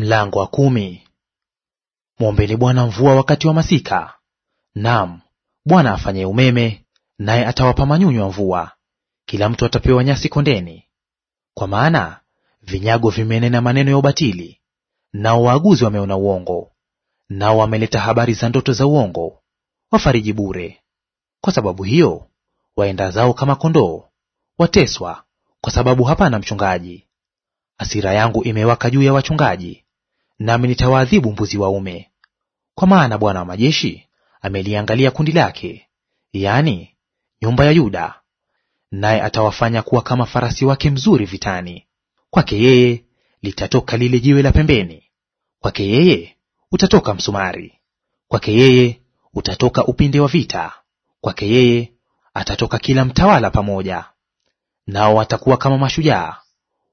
Mlango wa kumi. Mwombeni Bwana mvua wakati wa masika, naam, Bwana afanye umeme, naye atawapa manyunyu mvua. Kila mtu atapewa nyasi kondeni. Kwa maana vinyago vimenena maneno ya ubatili, nao waaguzi wameona uongo, nao wameleta habari za ndoto za uongo, wafariji bure. Kwa sababu hiyo waenda zao kama kondoo, wateswa, kwa sababu hapana mchungaji. Hasira yangu imewaka juu ya wachungaji nami nitawaadhibu mbuzi waume. Kwa maana Bwana wa majeshi ameliangalia kundi lake, yaani nyumba ya Yuda, naye atawafanya kuwa kama farasi wake mzuri vitani. Kwake yeye litatoka lile jiwe la pembeni, kwake yeye utatoka msumari, kwake yeye utatoka upinde wa vita, kwake yeye atatoka kila mtawala pamoja. Nao watakuwa kama mashujaa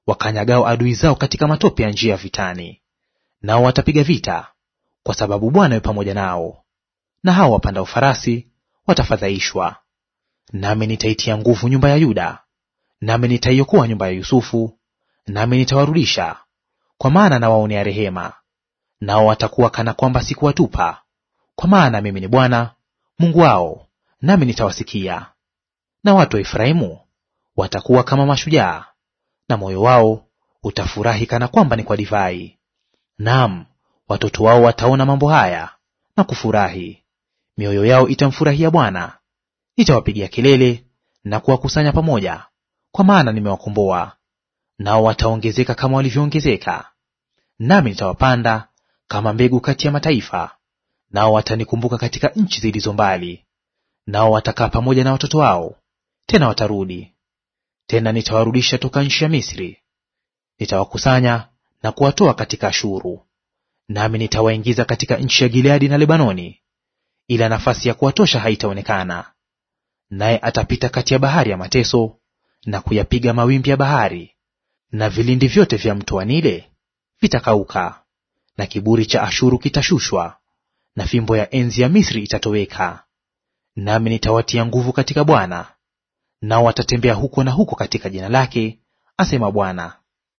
wakanyagao adui zao katika matope ya njia vitani nao watapiga vita, kwa sababu Bwana yu pamoja nao. Na hao wapandao farasi watafadhaishwa. Nami nitaitia nguvu nyumba ya Yuda, nami nitaiokoa nyumba ya Yusufu, nami nitawarudisha, kwa maana nawaonea rehema. Nao watakuwa kana kwamba sikuwatupa, kwa maana mimi ni Bwana Mungu wao, nami nitawasikia. Na watu wa Efraimu watakuwa kama mashujaa, na moyo wao utafurahi kana kwamba ni kwa divai. Naam, watoto wao wataona mambo haya na kufurahi; mioyo yao itamfurahia Bwana. Nitawapigia kelele na kuwakusanya pamoja, kwa maana nimewakomboa. Nao wataongezeka kama walivyoongezeka, nami nitawapanda kama mbegu kati ya mataifa, nao watanikumbuka katika nchi zilizo mbali. Nao watakaa pamoja na watoto wao, tena watarudi. Tena nitawarudisha toka nchi ya Misri, nitawakusanya na kuwatoa katika Ashuru, nami nitawaingiza katika nchi ya Gileadi na Lebanoni, ila nafasi ya kuwatosha haitaonekana. Naye atapita kati ya bahari ya mateso na kuyapiga mawimbi ya bahari, na vilindi vyote vya mto wa Nile vitakauka, na kiburi cha Ashuru kitashushwa, na fimbo ya enzi ya Misri itatoweka. Nami nitawatia nguvu katika Bwana, nao watatembea huko na huko katika jina lake, asema Bwana.